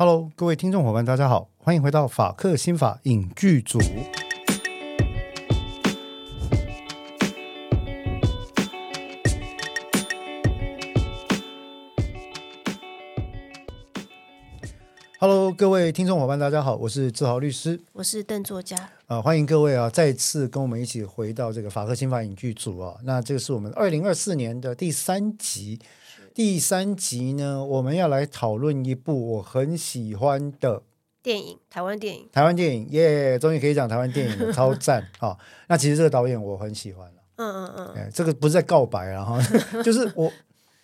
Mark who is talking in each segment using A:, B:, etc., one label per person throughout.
A: Hello，各位聽眾夥伴，大家好，歡迎回到法克心法影劇組。Hello，各位聽眾夥伴，大家好，我是志豪律師，
B: 我是鄧作家，啊、
A: 呃，歡迎各位啊，再次跟我們一起回到這個法克心法影劇組啊，那這個是我們二零二四年的第三集。第三集呢，我們要來討論一部我很喜歡的電影，
B: 電影，台灣電影。
A: 台灣電影，耶、yeah！終於可以講台灣電影了，超讚啊、 哦！那其實這個導演我很喜歡。
B: 嗯嗯嗯，
A: 這個不是在告白啊哈， 就是我，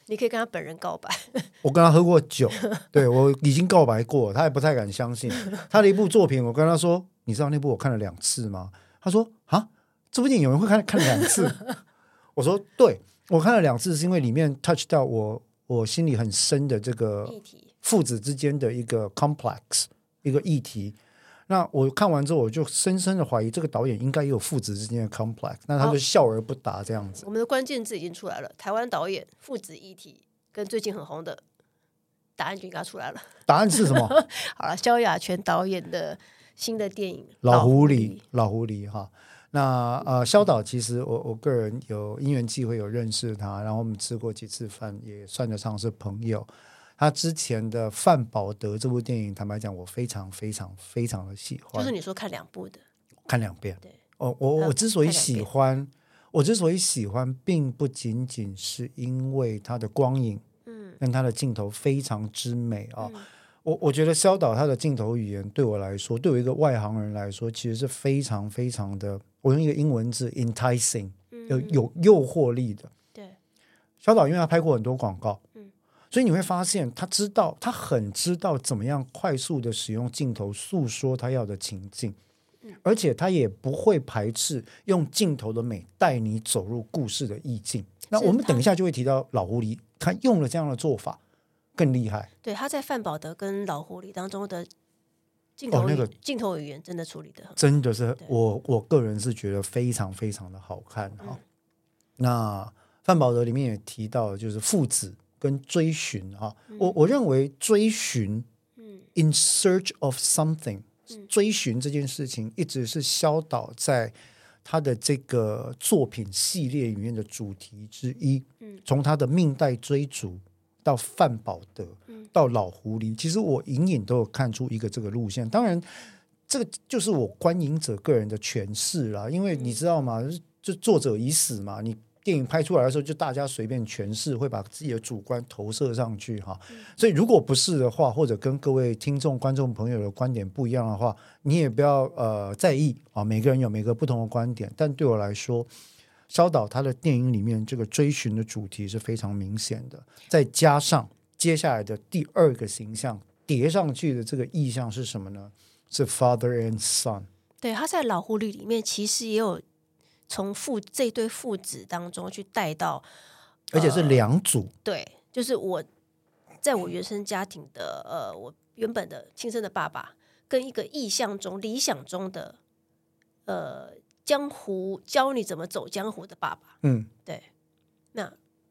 B: 你可以跟他本人告白。
A: 我跟他喝過酒，對，我已經告白過，他也不太敢相信。 他的一部作品，我跟他說，你知道那部我看了兩次嗎？他說哈、啊，這部電影有人會看看兩次？ 我說對，我看了兩次是因為裡面 touch 到我。我心裡很深的這個父子之間的一個 complex 一個議題。那我看完之後，我就深深的懷疑，這個導演應該也有父子之間的 complex。那他就笑而不答這樣子。我
B: 們的關鍵字已經出來了，台灣導演父子議題，跟最近很紅的答案就應該出來
A: 了。答案是什麼？
B: 好了，蕭雅全導演的新的電影《
A: 老狐狸》老狐狸，老狐狸哈。那呃，蕭導其實我我個人有因緣際會有認識他，然後我們吃過幾次飯，也算得上是朋友。他之前的《范保德》這部電影，坦白講，我非常非常非常的喜歡。就是
B: 你說看兩部的，
A: 看兩遍。對，哦，我我之所以喜歡，我之所以喜歡，喜歡並不僅僅是因為它的光影，嗯，跟它的鏡頭非常之美哦。嗯我我覺得蕭導他的鏡頭語言對我來說，對我一個外行人來說，其實是非常非常的，我用一個英文字 enticing，有有誘惑力的。嗯、對，蕭導因為他拍過很多廣告，嗯，所以你會發現他知道，他很知道怎麼樣快速的使用鏡頭訴說他要的情境、嗯，而且他也不會排斥用鏡頭的美帶你走入故事的意境。那我們等一下就會提到老狐狸，他用了這樣的做法。更厲害，
B: 對，他在《范保德》跟《老狐狸》當中的鏡頭、哦那個，鏡頭語言真的處理得很
A: 好，真的是我我個人是覺得非常非常的好看哈、嗯。那《范保德》裡面也提到，就是父子跟追尋哈、嗯。我我認為追尋，嗯，in search of something，、嗯、追尋這件事情一直是蕭導在他的這個作品系列裡面的主題之一。嗯、從他的《命帶追逐》。到范保德，到老狐狸，其實我隱隱都有看出一個這個路線。當然，這個就是我觀影者個人的詮釋啦。因為你知道嗎？嗯、就作者已死嘛，你電影拍出來的時候，就大家隨便詮釋，會把自己的主觀投射上去哈、啊嗯。所以，如果不是的話，或者跟各位聽眾、觀眾朋友的觀點不一樣的話，你也不要呃在意啊。每個人有每個不同的觀點，但對我來說。蕭導他的電影裡面這個追尋的主題是非常明顯的，再加上接下來的第二個形象疊上去的這個意象是什麼呢？是 father and son。
B: 對，他在《老狐狸》裡面其實也有從父這對父子當中去帶到，
A: 而且是兩組。呃、
B: 對，就是我在我原生家庭的呃，我原本的親生的爸爸跟一個意象中理想中的呃。江湖教你怎麼走江湖的爸爸，嗯，對，那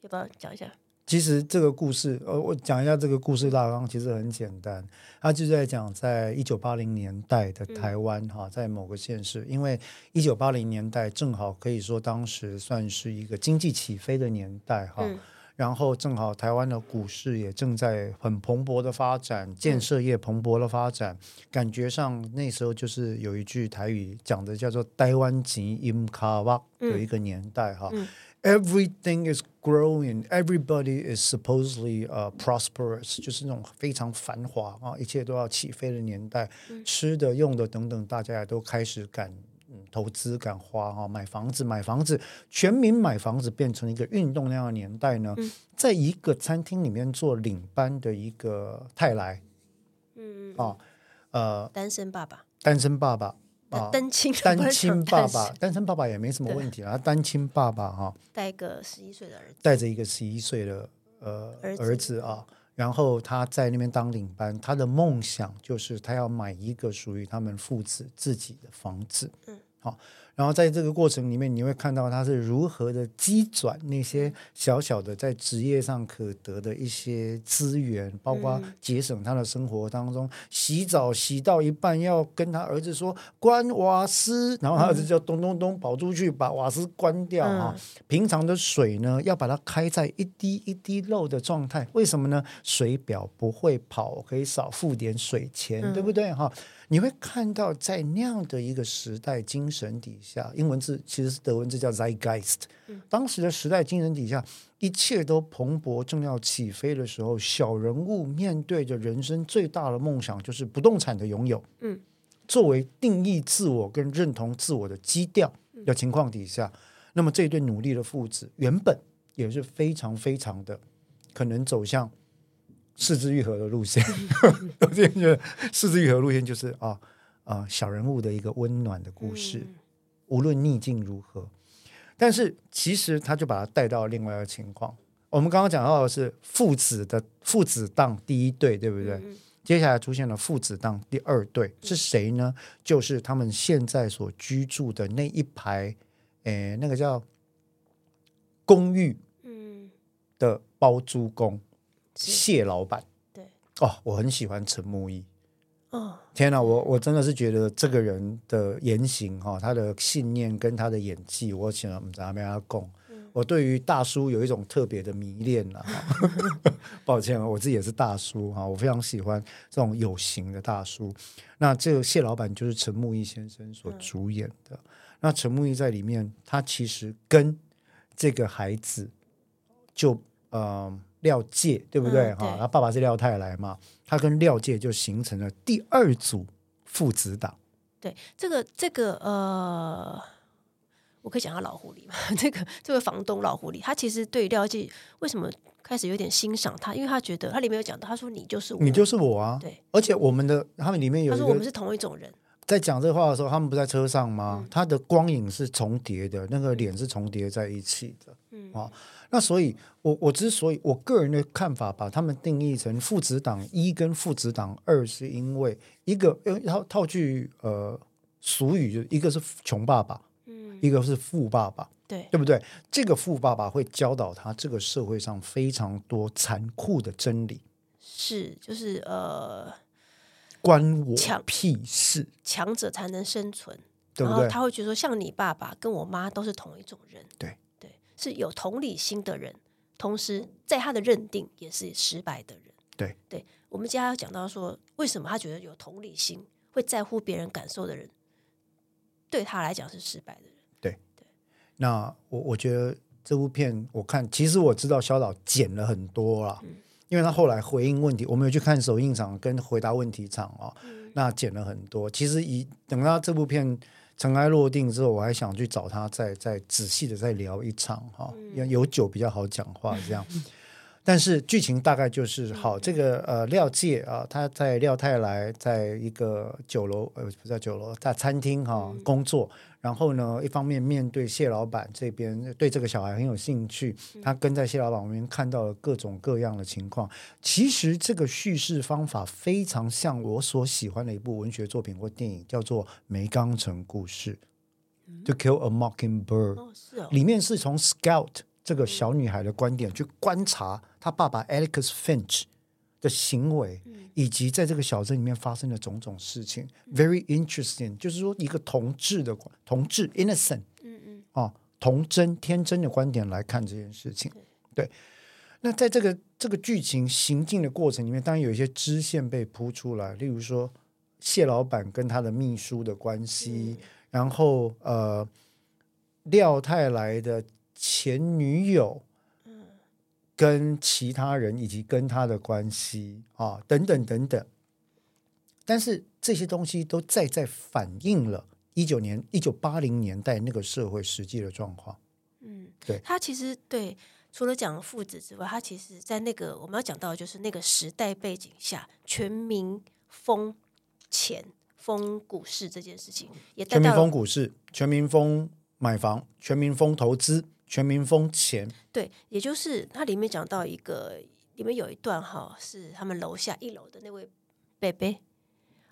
B: 要不要講一下？
A: 其實這個故事，呃，我講一下這個故事大綱，其實很簡單，它、啊、就在講，在一九八零年代的台灣哈、嗯，在某個縣市，因為一九八零年代正好可以說當時算是一個經濟起飛的年代哈。嗯然後正好台灣的股市也正在很蓬勃的發展，建設業蓬勃的發展，嗯、感覺上那時候就是有一句台語講的叫做“台灣錢淹腳目”，有一個年代哈、嗯。Everything is growing, everybody is supposedly prosperous，就是那種非常繁華啊，一切都要起飛的年代，吃的、用的等等，大家也都開始敢。嗯、投資敢花哈，買房子，買房子，全民買房子變成一個運動量的年代呢。嗯、在一個餐廳裡面做領班的一個泰來，
B: 嗯啊、
A: 哦，呃，單身爸爸，單身爸爸啊、哦，單親單，單親爸爸，單身爸爸也沒什麼問題啊。單親爸爸哈、
B: 哦，帶個十一歲的
A: 兒子，帶着一個十一歲的呃兒子啊。然後他在那邊當領班，他的夢想就是他要買一個屬於他們父子自己的房子。嗯，好。然後在這個過程裡面，你會看到他是如何的積攢那些小小的在職業上可得的一些資源，包括節省他的生活當中洗澡洗到一半要跟他兒子說關瓦斯，然後他兒子就咚咚咚跑出去把瓦斯關掉哈、哦。平常的水呢，要把它開在一滴一滴漏的狀態，為什麼呢？水表不會跑，可以少付點水錢，對不對哈、哦？你會看到在那樣的一個時代精神底下英文字其實是德文字叫 Zeitgeist、嗯、當時的時代精神底下，一切都蓬勃，正要起飛的時候，小人物面對着人生最大的夢想就是不動產的擁有，嗯、作為定義自我跟認同自我的基調的情況底下，嗯、那麼這一對努力的父子原本也是非常非常的可能走向是枝裕和的路線，嗯、 我覺得是枝裕和路線就是啊啊小人物的一個溫暖的故事。嗯無論逆境如何，但是其實他就把他帶到另外一個情況。我們剛剛講到的是父子的父子檔第一對，對不對、嗯？接下來出現了父子檔第二對是誰呢、嗯？就是他們現在所居住的那一排，誒，那個叫公寓，的包租公、嗯、謝老板。對，哦，我很喜歡陳慕義。天啊，我我真的是覺得這個人的言行哈，他的信念跟他的演技，我想歡。我們這邊阿我對於大叔有一種特別的迷戀、啊、 抱歉啊，我自己也是大叔哈，我非常喜歡這種有型的大叔。那這個謝老板就是陳慕義先生所主演的。嗯、那陳慕義在裡面，他其實跟這個孩子就、呃廖界對不對哈？他、嗯啊、爸爸是廖泰來嘛？他跟廖界就形成了第二組父子檔。
B: 對，這個這個呃，我可以講他老狐狸嘛？這個這位、個、房東老狐狸，他其實對廖界為什麼開始有點欣賞他？因為他覺得他裡面有講到，他說你就是我，你就是我啊。對，
A: 而且我們的他們裡面有，嗯、他說我們是
B: 同一種人。
A: 在講這個話的時候，他們不在車上嗎、嗯？他的光影是重疊的，那個臉是重疊在一起的。嗯啊。那所以，我我之所以我個人的看法，把他們定義成父子檔一跟父子檔二，是因為一個用套套句呃俗語，就一個是窮爸爸，嗯，一個是富爸爸，對，對不對？這個富爸爸會教導他這個社會上非常多殘酷的真理，
B: 是，就是呃，
A: 關我屁事，強，
B: 強者才能生存，對不對？然後他會覺得說，像你爸爸跟我媽都是同一種人，對。是有同理心的人，同時在他的認定也是失敗的人。對，對我們今天要講到說，為什麼他覺得有同理心會在乎別人感受的人，對他來講是失敗的人。
A: 對，對。那我我覺得這部片，我看其實我知道蕭導剪了很多了、嗯，因為他後來回應問題，我們有去看首映場跟回答問題場啊、哦嗯。那剪了很多，其實以等到這部片。塵埃落定之後，我還想去找他再、再再仔細的再聊一場哈，因、哦、為、嗯、有酒比較好講話這樣、嗯。但是劇情大概就是，好，這個呃廖界啊、呃，他在廖泰來，在一個酒樓呃不叫酒樓，在餐廳哈、哦嗯、工作。然後呢，一方面面對謝老板這邊，對這個小孩很有興趣，他跟在謝老板旁邊看到了各種各樣的情況、嗯。其實這個敘事方法非常像我所喜歡的一部文學作品或電影，叫做《梅岡城故事、嗯》（To Kill a Mockingbird）、哦哦。裡面是從 Scout 這個小女孩的觀點、嗯、去觀察她爸爸 Atticus Finch。的行為，以及在這個小鎮裡面發生的種種事情、嗯、very interesting，就是說一個童稚的童稚 innocent，嗯嗯，啊、哦，童真天真的觀點來看這件事情，嗯、對。那在這個這個劇情行進的過程裡面，當然有一些支線被鋪出來，例如說謝老闆跟他的秘書的關係，嗯、然後呃，廖泰來的前女友。跟其他人以及跟他的關係啊，等等等等，但是這些東西都再再反映了19年，一九年一九八零年代那個社會實際的狀況。
B: 嗯，對，他其實對，除了講父子之外，他其實，在那個我們要講到的，就是那個時代背景下，全民瘋錢、瘋股市這件事情也，也全民瘋股市、
A: 全民瘋買房、全民瘋投資。全民瘋錢，
B: 對，也就是它裡面講到一個，裡面有一段哈，是他們樓下一樓的那位貝貝，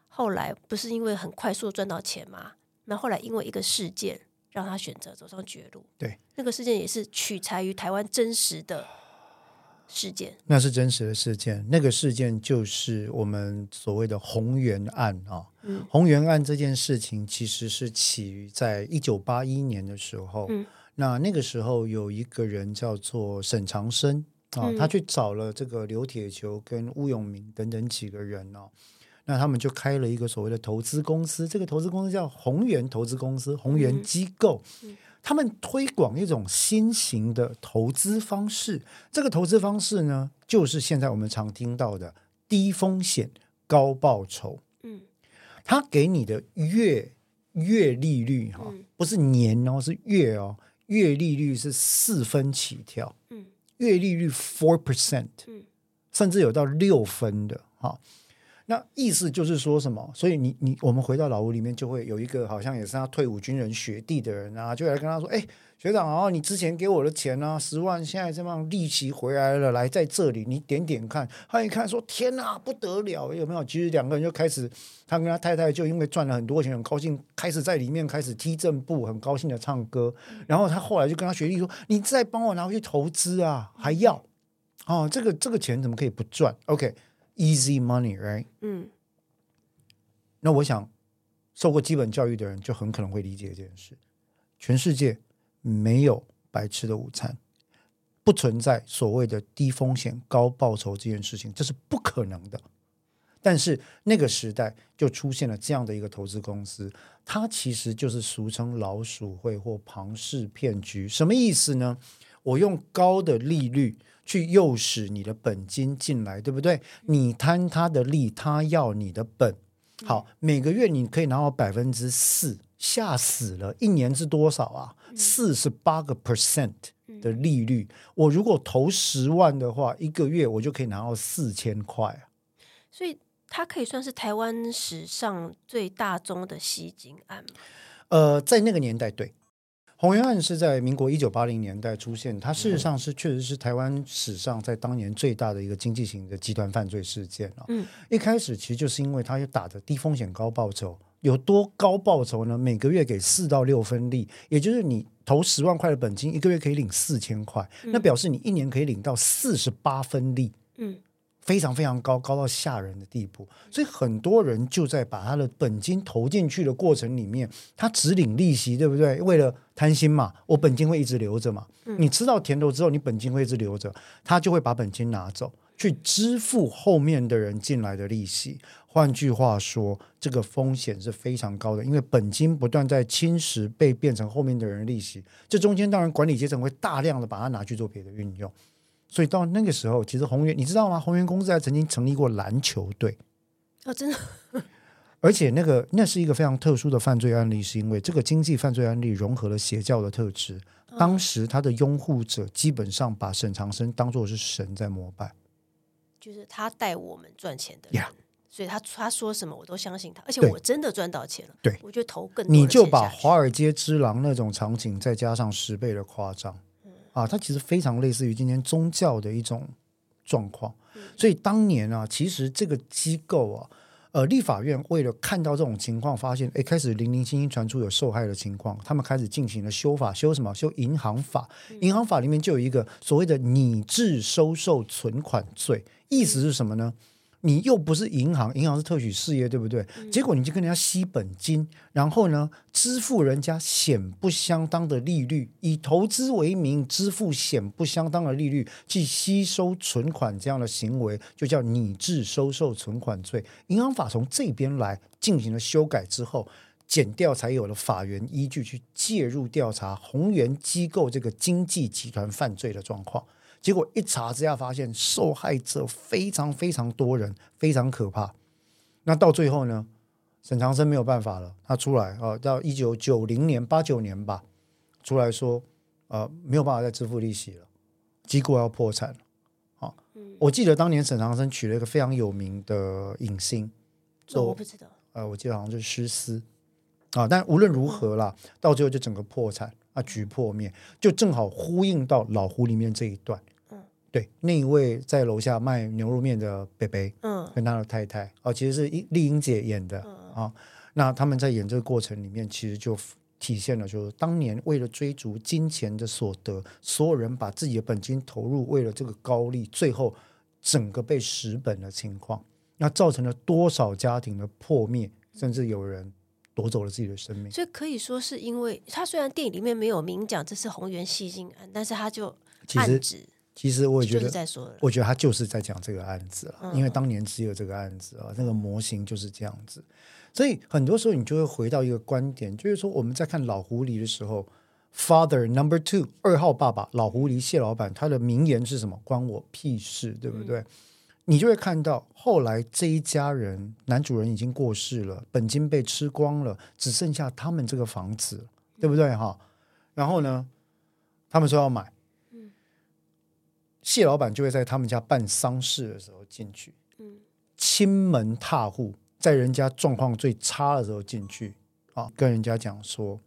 B: 後來不是因為很快速賺到錢嘛？那後，後來因為一個事件，讓他選擇走上絕路。對，那個事件也是取材於台灣真實的事件，
A: 那是真實的事件。那個事件就是我們所謂的鴻源案啊。嗯，鴻源案這件事情其實是起於在一九八一年的時候。嗯那那個時候有一個人叫做沈長生啊，他去找了這個劉鐵球跟吳永明等等幾個人哦，那他們就開了一個所謂的投資公司，這個投資公司叫鴻源投資公司、鴻源機構，他們推廣一種新型的投資方式，這個投資方式呢，就是現在我們常聽到的低風險高報酬，嗯，他給你的月月利率哈，不是年哦，是月哦。月利率是四分起跳，月利率 four percent，甚至有到六分的，哈。那意思就是說什麼？所以你你我們回到老屋裡面，就會有一個好像也是他退伍軍人學弟的人啊，就來跟他說：“哎、欸，學長啊、哦，你之前給我的錢啊，十萬，現在這幫利息回來了，來在這裡，你點點看。”他一看說：“天哪、啊，不得了！有沒有？”其實兩個人就開始，他跟他太太就因為賺了很多錢，很高興，開始在裡面開始踢正步，很高興的唱歌。然後他後來就跟他學弟說：“你再幫我拿回去投資啊，還要哦，這個這個錢怎麼可以不賺？”OK。Easy money, right？嗯，那我想，受過基本教育的人就很可能會理解這件事。全世界沒有白吃的午餐，不存在所謂的低風險高報酬這件事情，這是不可能的。但是那個時代就出現了這樣的一個投資公司，它其實就是俗稱老鼠會或龐氏騙局。什麼意思呢？我用高的利率去誘使你的本金進來，對不對？你貪他的利，他要你的本。好，每個月你可以拿到百分之四，嚇死了！一年是多少啊？四十八個 percent 的利率。我如果投十萬的話，一個月我就可以拿到四千塊。
B: 所以，它可以算是台灣史上最大宗的吸金案嗎？
A: 呃，在那個年代，對。鴻源案是在民國一九八零年代出現，它事實上是，嗯、確實是台灣史上在當年最大的一個經濟型的集團犯罪事件，嗯、一開始其實就是因為它又打着低風險高報酬，有多高報酬呢？每個月給四到六分利，也就是你投十萬塊的本金，一個月可以領四千塊，嗯，那表示你一年可以領到四十八分利。嗯，非常非常高，高到嚇人的地步。所以很多人就在把他的本金投進去的過程裡面，他只領利息，對不對？為了貪心嘛，我本金會一直留着嘛、嗯。你吃到甜頭之後，你本金會一直留着，他就會把本金拿走去支付後面的人進來的利息。換句話說，這個風險是非常高的，因為本金不斷在侵蝕，被變成後面的人利息。這中間當然管理階層會大量的把它拿去做別的運用。所以到那個時候，其實鴻源你知道嗎？鴻源公司還曾經成立過籃球隊。
B: 哦，真的。
A: 而且那個那是一個非常特殊的犯罪案例，是因為這個經濟犯罪案例融合了邪教的特質。當時他的擁護者基本上把沈長生當做是神在膜拜，
B: 就是他帶我們賺錢的呀，yeah. 所以他他說什麼我都相信他，而且我真的賺到錢了。對，我就投更多錢，你就把
A: 華爾街之狼那種場景再加上十倍的誇張，嗯、啊，它其實非常類似於今天宗教的一種狀況。嗯、所以當年啊，其實這個機構啊。呃，立法院為了看到這種情況，發現誒，開始零零星星傳出有受害的情況，他們開始進行了修法，修什麼？修銀行法。銀行法裡面就有一個所謂的擬制收受存款罪，意思是什麼呢？你又不是銀行，銀行是特許事業，對不對、嗯？結果你就跟人家吸本金，然後呢，支付人家顯不相當的利率，以投資為名支付顯不相當的利率去吸收存款，這樣的行為就叫擬制收受存款罪。銀行法從這邊來進行了修改之後，檢調才有了法源依據去介入調查鴻源機構這個經濟集團犯罪的狀況。結果一查之下，發現受害者非常非常多人，非常可怕。那到最後呢，沈長生沒有辦法了，他出來啊、呃，到一九九零年八九年吧，出來說啊、呃，沒有辦法再支付利息了，結果要破產了。啊、嗯，我記得當年沈長生娶了一個非常有名的影星，我不、呃、我記得好像是施思啊。但無論如何啦，到最後就整個破產啊，局破滅，就正好呼應到老狐狸裡面這一段。對，那一位在樓下賣牛肉麵的伯伯，嗯，跟他的太太，哦、嗯，其實是麗英姐演的、嗯、啊。那他們在演這個過程裡面，其實就體現了，就是當年為了追逐金錢的所得，所有人把自己的本金投入，為了這個高利，最後整個被蝕本的情況，那造成了多少家庭的破滅，甚至有人奪走了自己的生命。
B: 所以可以說，是因為他雖然電影裡面沒有明講這是鴻源吸金案，但是他就暗指。
A: 其實我也覺得，我覺得他就是在講這個案子，因為當年只有這個案子啊，那個模型就是這樣子，所以很多時候你就會回到一個觀點，就是說我們在看老狐狸的時候，Father Number Two 二號爸爸老狐狸謝老闆他的名言是什麼？關我屁事，對不對？你就會看到後來這一家人男主人已經過世了，本金被吃光了，只剩下他們這個房子，對不對？哈，然後呢，他們說要買。謝老闆就會在他們家辦喪事的時候進去，
C: 嗯，
A: 親門踏戶，在人家狀況最差的時候進去啊，跟人家講說，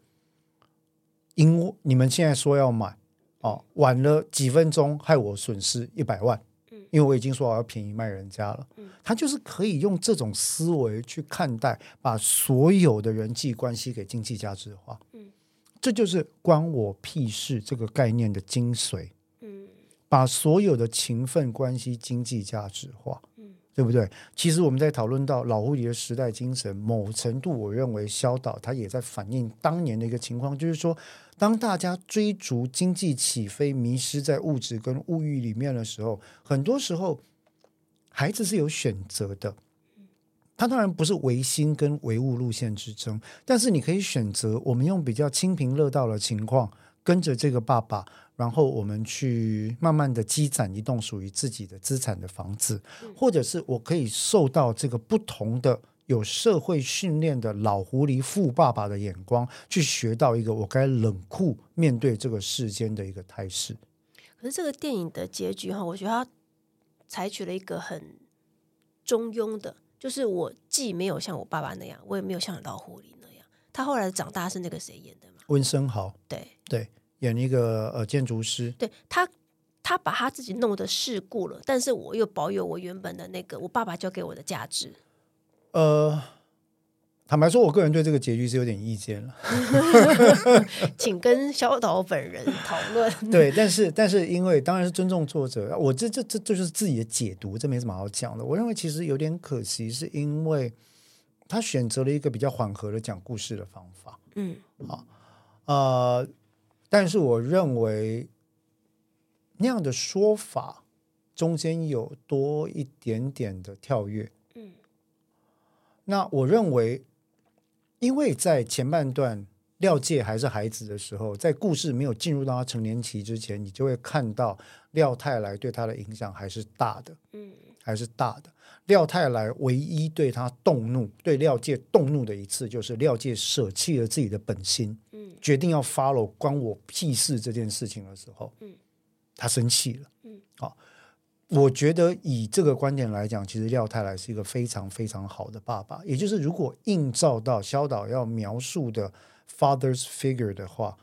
A: 因你們現在說要買，哦，晚了幾分鐘害我損失一百萬，嗯，因為我已經說我要便宜賣人家了，嗯，他就是可以用這種思維去看待，把所有的人際關係給經濟價值化，嗯，這就是關我屁事這個概念的精髓。把所有的情分關係、經濟價值化，嗯，對不對？其實我們在討論到老狐狸的時代精神，某程度，我認為蕭導他也在反映當年的一個情況，就是說，當大家追逐經濟起飛，迷失在物質跟物欲裡面的時候，很多時候孩子是有選擇的。他當然不是唯心跟唯物路線之爭，但是你可以選擇。我們用比較清貧樂道的情況。跟着這個爸爸，然後我們去慢慢的積攢一棟屬於自己的資產的房子，或者是我可以受到這個不同的有社會訓練的老狐狸富爸爸的眼光，去學到一個我該冷酷面對這個世間的一個態勢。
B: 可是這個電影的結局哈，我覺得他採取了一個很中庸的，就是我既沒有像我爸爸那樣，我也沒有像老狐狸，他後來長大是那個誰演的
A: 嘛？溫昇豪，對對，演一個呃建築師。
B: 對他，他把他自己弄得世故了，但是我又保有我原本的那個我爸爸教給我的價值。
A: 呃，坦白說，我個人對這個結局是有點意見了。
B: 請跟蕭導本人討論。
A: 對，但是但是，因為當然是尊重作者，我這這這這就是自己的解讀，這沒什麼好講的。我認為其實有點可惜，是因為。他選擇了一個比較緩和的講故事的方法，
C: 嗯，
A: 啊，呃，但是我認為那樣的說法中間有多一點點的跳躍，嗯，那我認為因為在前半段，廖界還是孩子的時候，在故事沒有進入到他成年期之前，你就會看到廖泰來對他的影響還是大的，嗯，還是大的。廖泰來唯一對他動怒、對廖界動怒的一次，就是廖界捨棄了自己的本心，嗯，決定要 follow 關我屁事這件事情的時候，嗯，他生氣了，嗯，好，我覺得以這個觀點來講，其實廖泰來是一個非常非常好的爸爸，也就是如果映照到蕭導要描述的。Father's figure 的話，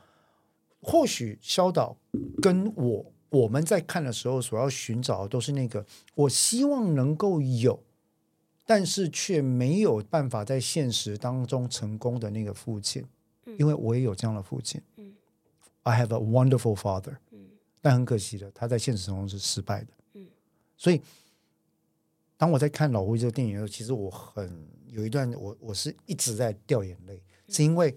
A: 或許蕭導跟我我們在看的時候所要尋找的都是那個我希望能夠有，但是卻沒有辦法在現實當中成功的那個父親，嗯、因為我也有這樣的父親。嗯、I have a wonderful father、嗯。但很可惜的，他在現實中是失敗的。嗯、所以當我在看老狐狸這個電影的時候，其實我很有一段我我是一直在掉眼淚，嗯、是因為。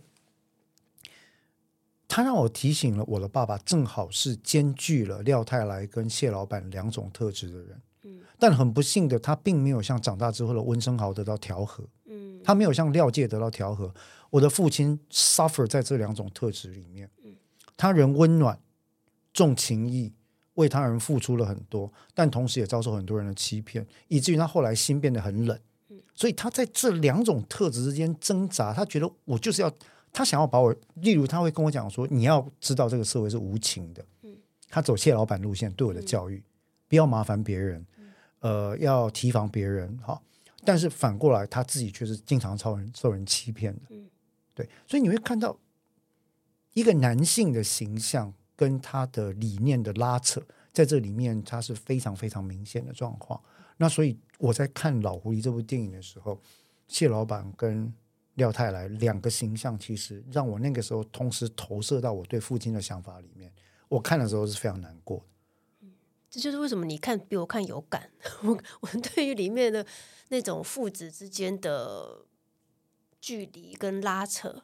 A: 他讓我提醒了我的爸爸，正好是兼具了廖泰來跟謝老闆兩種特質的人、嗯。但很不幸的，他並沒有像長大之後的溫昇豪得到調和。嗯、他沒有像廖界得到調和。我的父親 suffer 在這兩種特質裡面、嗯。他人溫暖，重情義，為他人付出了很多，但同時也遭受很多人的欺騙，以至於他後來心變得很冷。嗯、所以他在這兩種特質之間掙扎。他覺得我就是要。他想要把我，例如他會跟我講說，你要知道這個社會是無情的。嗯、他走謝老闆路線對我的教育，嗯、不要麻煩別人、嗯，呃，要提防別人哈、哦。但是反過來他自己卻是經常遭人、受人欺騙的、嗯。對，所以你會看到一個男性的形象跟他的理念的拉扯，在這裡面他是非常非常明顯的狀況。那所以我在看《老狐狸》這部電影的時候，謝老闆跟。廖泰來兩個形象，其實讓我那個時候同時投射到我對父親的想法裡面。我看的時候是非常難過的，
B: 嗯，這就是為什麼你看比我看有感。 我我對於裡面的那種父子之間的距離跟拉扯，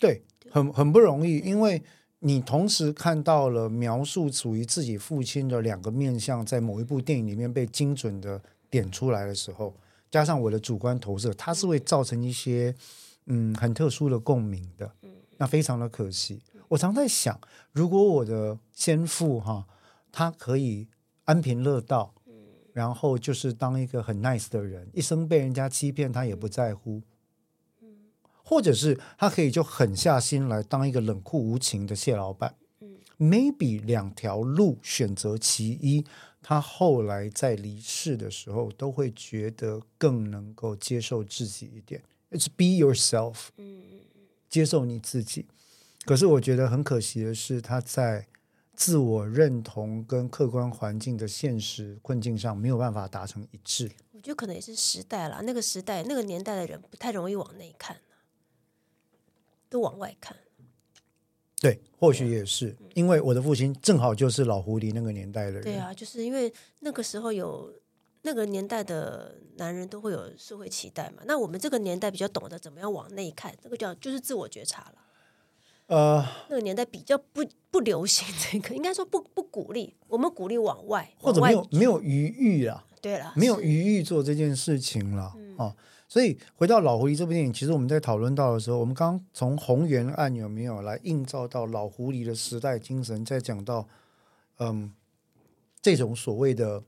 A: 對，很很不容易，因為你同時看到了描述屬於自己父親的兩個面相，在某一部電影裡面被精準的點出來的時候。加上我的主觀投射，它是會造成一些，嗯，很特殊的共鳴的。那非常的可惜。我常在想，如果我的先父哈，他可以安貧樂道，然後就是當一個很 nice 的人，一生被人家欺騙，他也不在乎。或者是他可以就狠下心來當一個冷酷無情的蟹老板。Maybe 兩條路選擇其一。他後來在離世的時候，都會覺得更能夠接受自己一點。It's be yourself，嗯，接受你自己。可是我覺得很可惜的是，他在自我認同跟客觀環境的現實困境上沒有辦法達成一致。
B: 我覺得可能也是時代了，那個時代、那個年代的人不太容易往內看，都往外看。
A: 對，或許也是，啊，因為我的父親正好就是老狐狸那個年代的人。對
B: 啊，就是因為那個時候有那個年代的男人都會有社會期待嘛。那我們這個年代比較懂得怎麼樣往內看，這、那個叫就是自我覺察了。
A: 呃，
B: 那個年代比較不不流行這個，應該說不不鼓勵。我們鼓勵往外，往
A: 外或者沒有沒有餘裕啊。對了，沒有餘裕，啊啊，做這件事情了嗯。啊所以回到《老狐狸》這部電影，其實我們在討論到的時候，我們剛從鴻源案有沒有來映照到《老狐狸》的時代精神，再講到，嗯，這種所謂的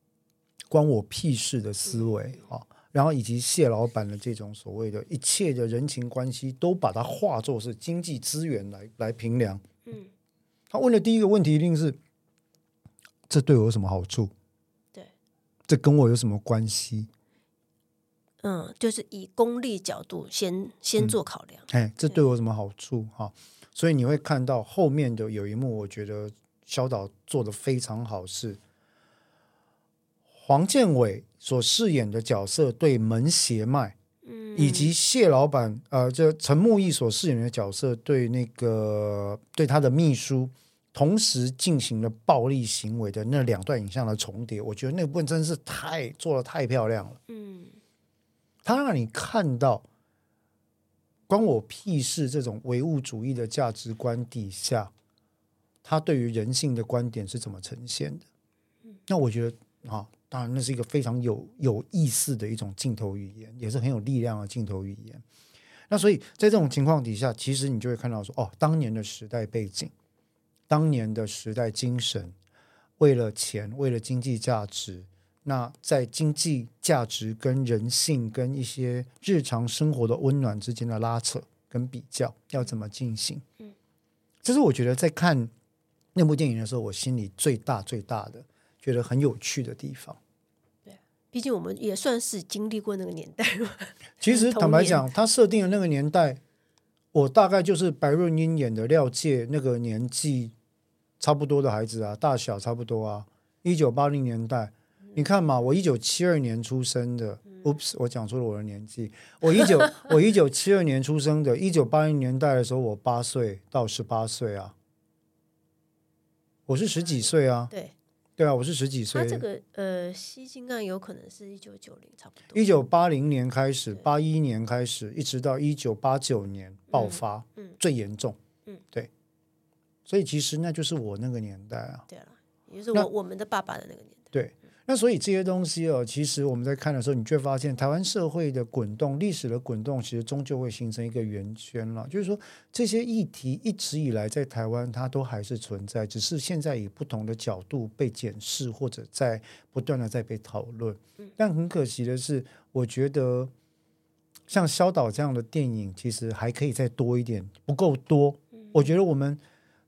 A: “關我屁事”的思維啊、嗯，然後以及謝老闆的這種所謂的一切的人情關係，都把它化作是經濟資源來來評量。嗯，他問的第一個問題一定是：這對我有什麼好處？
B: 對，
A: 這跟我有什麼關係？
B: 嗯，就是以功利角度先先做考量，
A: 哎、嗯欸，這對我什麼好處哈、啊？所以你會看到後面的有一幕，我覺得蕭導做的非常好，是黃健瑋所飾演的角色對門脇麥、嗯，以及謝老板，呃，這陳慕義所飾演的角色對那個對他的秘書同時進行了暴力行為的那兩段影像的重疊，我覺得那部分真是太做得太漂亮
C: 了，嗯。
A: 他讓你看到“關我屁事”這種唯物主義的價值觀底下，他對於人性的觀點是怎麼呈現的？那我覺得啊，哦，當然那是一個非常有有意思的一種鏡頭語言，也是很有力量的鏡頭語言。那所以在這種情況底下，其實你就會看到說，哦，當年的時代背景，當年的時代精神，為了錢，為了經濟價值。那在經濟價值、跟人性、跟一些日常生活的溫暖之間的拉扯跟比較，要怎麼進行？嗯，這是我覺得在看那部電影的時候，我心裡最大最大的覺得很有趣的地方。
B: 對，畢竟我們也算是經歷過那個年代了。
A: 其實坦白講，他設定的那個年代，我大概就是白潤英演的廖界那個年紀差不多的孩子啊，大小差不多啊，一九八零年代。你看嘛，我一九七二年出生的，嗯。Oops，我講出了我的年紀。我一九 我一九七二年出生的，一九八零年代的時候，我八歲到十八歲啊。我是十幾歲啊，嗯。對。對啊，我是十幾歲。他這個呃，
B: 鴻源案有可能是一九九零，差
A: 不多。一九八零年開始，八一年開始，一直到一九八九年爆發，嗯嗯，最嚴重，嗯，對。所以其實那就是我那個年代啊。對了，啊，也就
B: 是我我們的爸
A: 爸的那個年代。對。那所以這些東西哦，其實我們在看的時候，你就會發現台灣社會的滾動、歷史的滾動，其實終究會形成一個圓圈了。就是說，這些議題一直以來在台灣它都還是存在，只是現在以不同的角度被檢視，或者在不斷的在被討論。但很可惜的是，我覺得像蕭導這樣的電影，其實還可以再多一點，不夠多。我覺得我們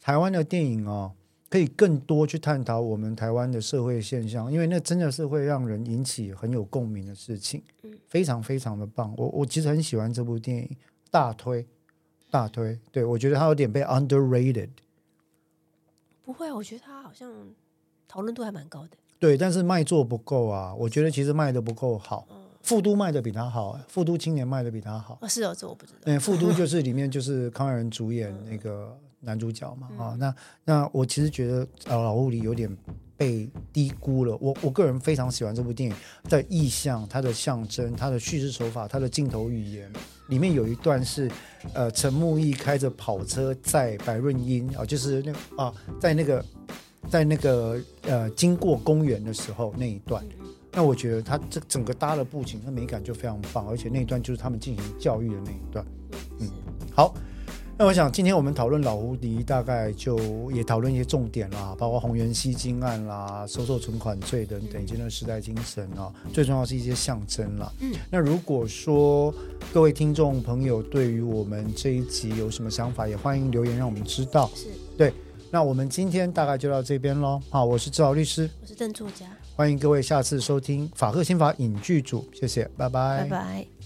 A: 台灣的電影啊、哦。可以更多去探討我們台灣的社會現象，因為那真的是會讓人引起很有共鳴的事情，嗯、非常非常的棒。我我其實很喜歡這部電影，大推大推。嗯、對，我覺得他有點被 underrated。
B: 不會，我覺得他好像討論度還蠻高的。
A: 對，但是賣座不夠啊。我覺得其實賣的不夠好。嗯、富都賣的比他好，富都青年賣的比他好，
B: 哦。是哦，這我不知道。富都
A: 就是 裡面就是慷仁主演那個。嗯男主角嘛，嗯、啊，那那我其實覺得，呃，老狐狸有點被低估了。我我個人非常喜歡這部電影的意象、它的象徵、它的敘事手法、它的鏡頭語言。裡面有一段是，呃，陳慕義開着跑車在白潤音，啊，就是那啊，在那個在那個呃，經過公園的時候那一段。嗯、那我覺得他這整個搭的布景和美感就非常棒，而且那一段就是他們進行教育的那一段。嗯，嗯好。那我想，今天我們討論老狐狸，大概就也討論一些重點啦，包括鴻源吸金案啦，收受存款罪等等，今天的時代精神啊。最重要是一些象徵了。嗯。那如果說各位聽眾朋友對於我們這一集有什麼想法，也歡迎留言讓我們知道是。是對。那我們今天大概就到這邊嘍。好，我是志豪律師，我是
B: 鄭作
A: 家，歡迎各位下次收聽《法客心法影劇組》，謝謝，拜拜，拜拜。